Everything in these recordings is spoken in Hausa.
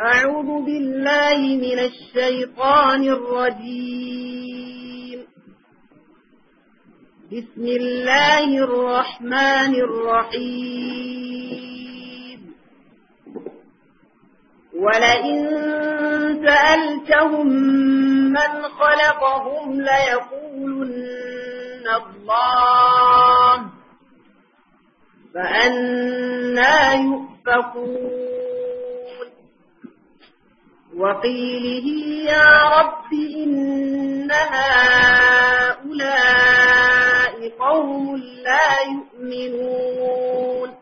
أعوذ بالله من الشيطان الرجيم بسم الله الرحمن الرحيم ولئن سألتهم من خلقهم ليقولن الله فأنا يؤفكون وقيله يا رب إن هؤلاء قوم لا يؤمنون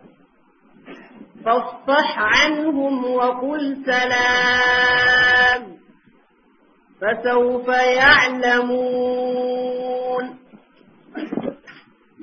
فاصفح عنهم وقل سلام فسوف يعلمون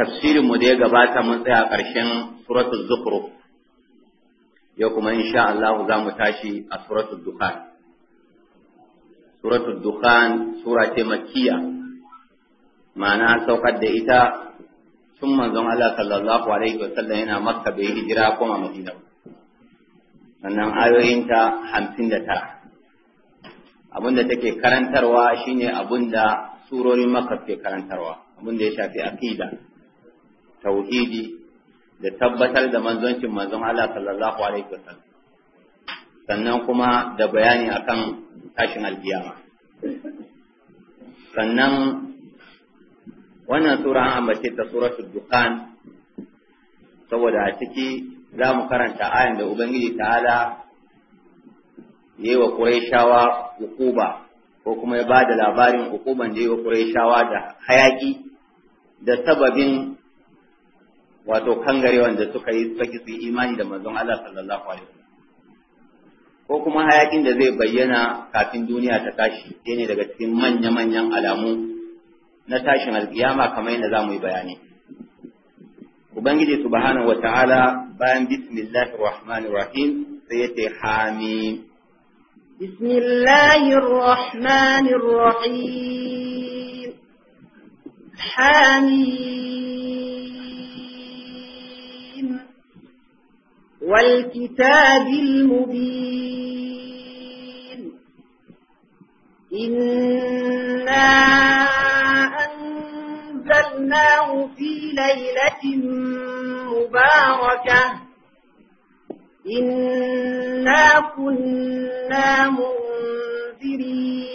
tafsirin mu da ya gabata mun tsaya ƙarshen suratul zukhruf yau kuma insha Allah za mu tashi a suratul dukhan suratul dukhan sura ce makkiya ma'ana saukar da ita tun manzon Allah sallallahu alaihi wa sallam yana makka bai hijira kuma madina sannan ayoyinta hamsin da tara abinda take karantarwa shine abinda surorin makka ke karantarwa abin da ya shafi aqida tauhidi da tabbatar da manzoncin manzon Allah sallallahu alaihi wasallam sannan kuma da bayani akan tashin alkiyama sannan wannan sura an ambace ta suratul dukan saboda a ciki za mu karanta ayan da ubangiji ta'ala yayi wa quraishawa hukuba ko kuma ya bada labarin hukuban da yayi wa quraishawa da hayaki da sababin wato kangare da suka yi saki su imani da manzon Allah sallallahu alaihi wasallam ko kuma hayakin da zai bayyana kafin duniya ta tashi yana daga cikin manya-manyan alamu na tashin alkiyama kamar yadda za mu yi bayani ubangiji subhanahu wataala bayan bismillahir rahmanir rahim sai ya ce hamim bismillahir rahmanir rahim حميم والكتاب المبين إنا أنزلناه في ليلة مباركة إنا كنا منذرين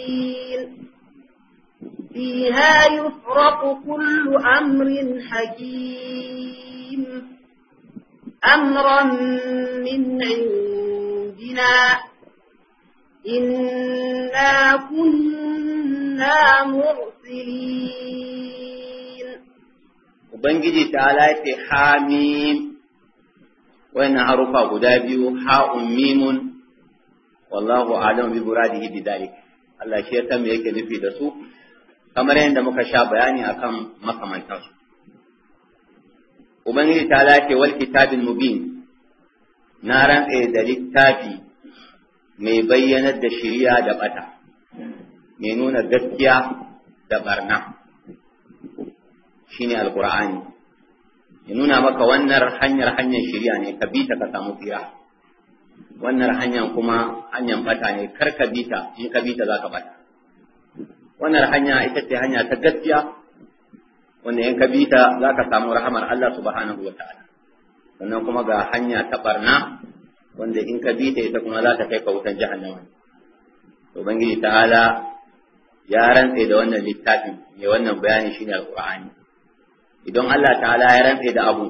فيها يفرق كل أمر حكيم أمرا من عندنا إنا كنا مرسلين وبنجي تعالى حاميم وإن حرفا قدابيو حاء ميم والله أعلم بمراده بذلك الله شيئا يكلف في دسوق kamar yadda muka sha bayani akan makamantansu ubangiji ta lake wal kitabin mubin na rantse da littafi mai bayyanar da shiriya da bata mai nuna gaskiya da barna shine alqur'ani ya nuna maka wannan hanyar hanyar shiriya ne ka bi ta ka samu tsira wannan hanyar kuma hanyar bata ne kar ka bi ta in ka bi ta za ka bata wannan hanya ita ce hanya ta gaskiya wanda in ka bi ta za ka samu rahamar Allah subhanahu wa ta'ala sannan kuma ga hanya ta barna wanda in ka bi ta ita kuma za ta kai ka wutan jahannama bangiji ta'ala ya rantse da wannan littafin mai wannan bayani shine alqur'ani idan Allah ta'ala ya rantse da abu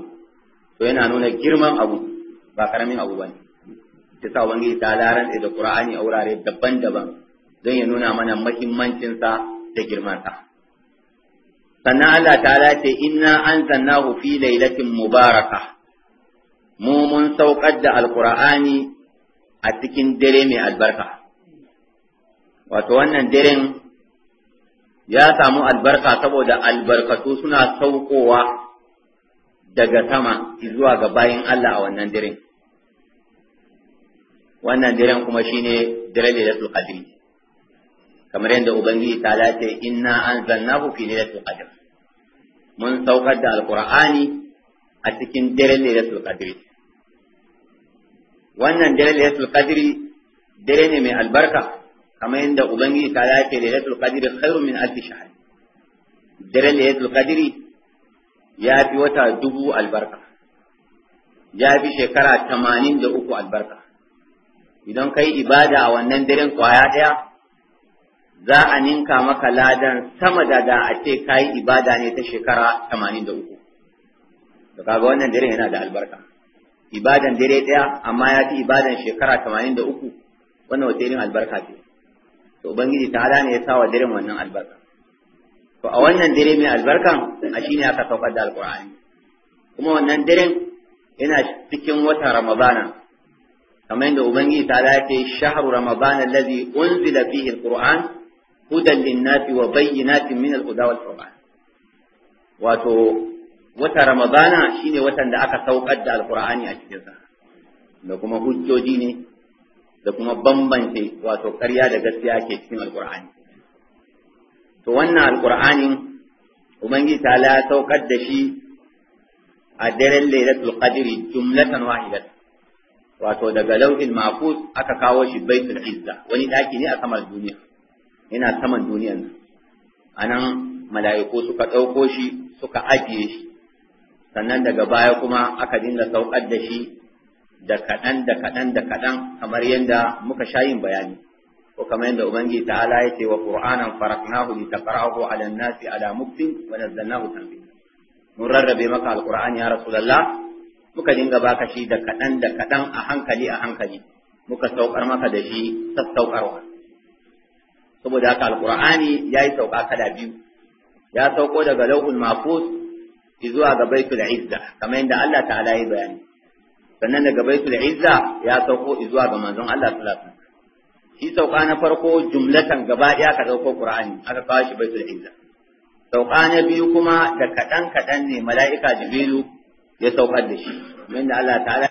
to yana nuna girman abu ba karamin abu bane ta sa ubangiji ta'ala ya rantse da qur'ani a wurare daban-daban don ya nuna mana mahimmancinsa da girmansa sannan Allah ta'ala ce inna anzalnahu fi lailatin mubaraka mu mun saukar da alqur'ani a cikin dare mai albarka wato wannan daren ya samu albarka saboda albarkatu suna saukowa daga sama zuwa ga bayin Allah a wannan daren wannan daren kuma shine dare lailatul qadri kamar yadda ubangiji ta dace inna anzalnahu fi lailatul qadr mun saukar da alqur'ani a cikin daren lailatul qadr wannan daren lailatul qadr dare ne mai albarka kamar yadda ubangiji ta dace lailatul qadr khairun min alf shahr daren lailatul qadr ya fi wata dubu albarka ya fi shekara tamanin da uku albarka idan ka yi ibada a wannan daren kwaya ɗaya za a ninka maka ladan sama da da a ce kayi ibada ne ta shekara 83 to kaga wannan dare yana da albarka ibadan dare daya amma ya fi ibadan shekara 83 wannan wata irin albarka ce to ubangiji ta ala ne ya sa wa daren wannan albarka to a wannan dare mai albarkan a shine aka saukar da alqur'ani kuma wannan daren yana cikin wata ramadana kamar yadda ubangiji ta ala ya ce shahru ramadana allazi unzila fihi alqur'an هدى للناس وبينات من الهدى والفرقان wato wata ramadana shine watan da aka saukar da alqur'ani a cikinsa da kuma hujjoji ne da kuma bambance wato ƙarya da gaskiya ke cikin alqur'ani to wannan alqur'anin ubangiji ta la saukar da shi a daren lailatul qadri jumlatan wahidat wato daga lauhin mafus aka kawo shi baitul izza wani daki ne a samar duniya yana saman duniyan anan mala'iku suka ɗauko shi suka ajiye shi sannan daga baya kuma aka dinga saukar da shi da kaɗan da kaɗan da kaɗan kamar yadda muka sha yin bayani ko kamar yadda ubangiji ta'ala ya ce wa qur'anan faraknahu li taqra'ahu 'ala an-nasi 'ala muktin wa nazzalnahu tanzila mun rarrabe maka alqur'ani ya rasulullah muka dinga baka shi da kaɗan da kaɗan a hankali a hankali muka saukar maka da shi sassaukarwa saboda haka alqur'ani yayi sauka kada biyu ya sauko daga lauhul mahfuz zuwa ga baitul izza kamar yadda Allah ta'ala ya bayani sannan daga baitul izza ya sauko zuwa ga manzon Allah sallallahu alaihi wasallam shi sauka na farko jumlatan gaba daya ka dauko qur'ani aka kawo shi baitul izza sauka na biyu kuma da kaɗan kaɗan ne mala'ika jibilu ya saukar da shi yadda Allah ta'ala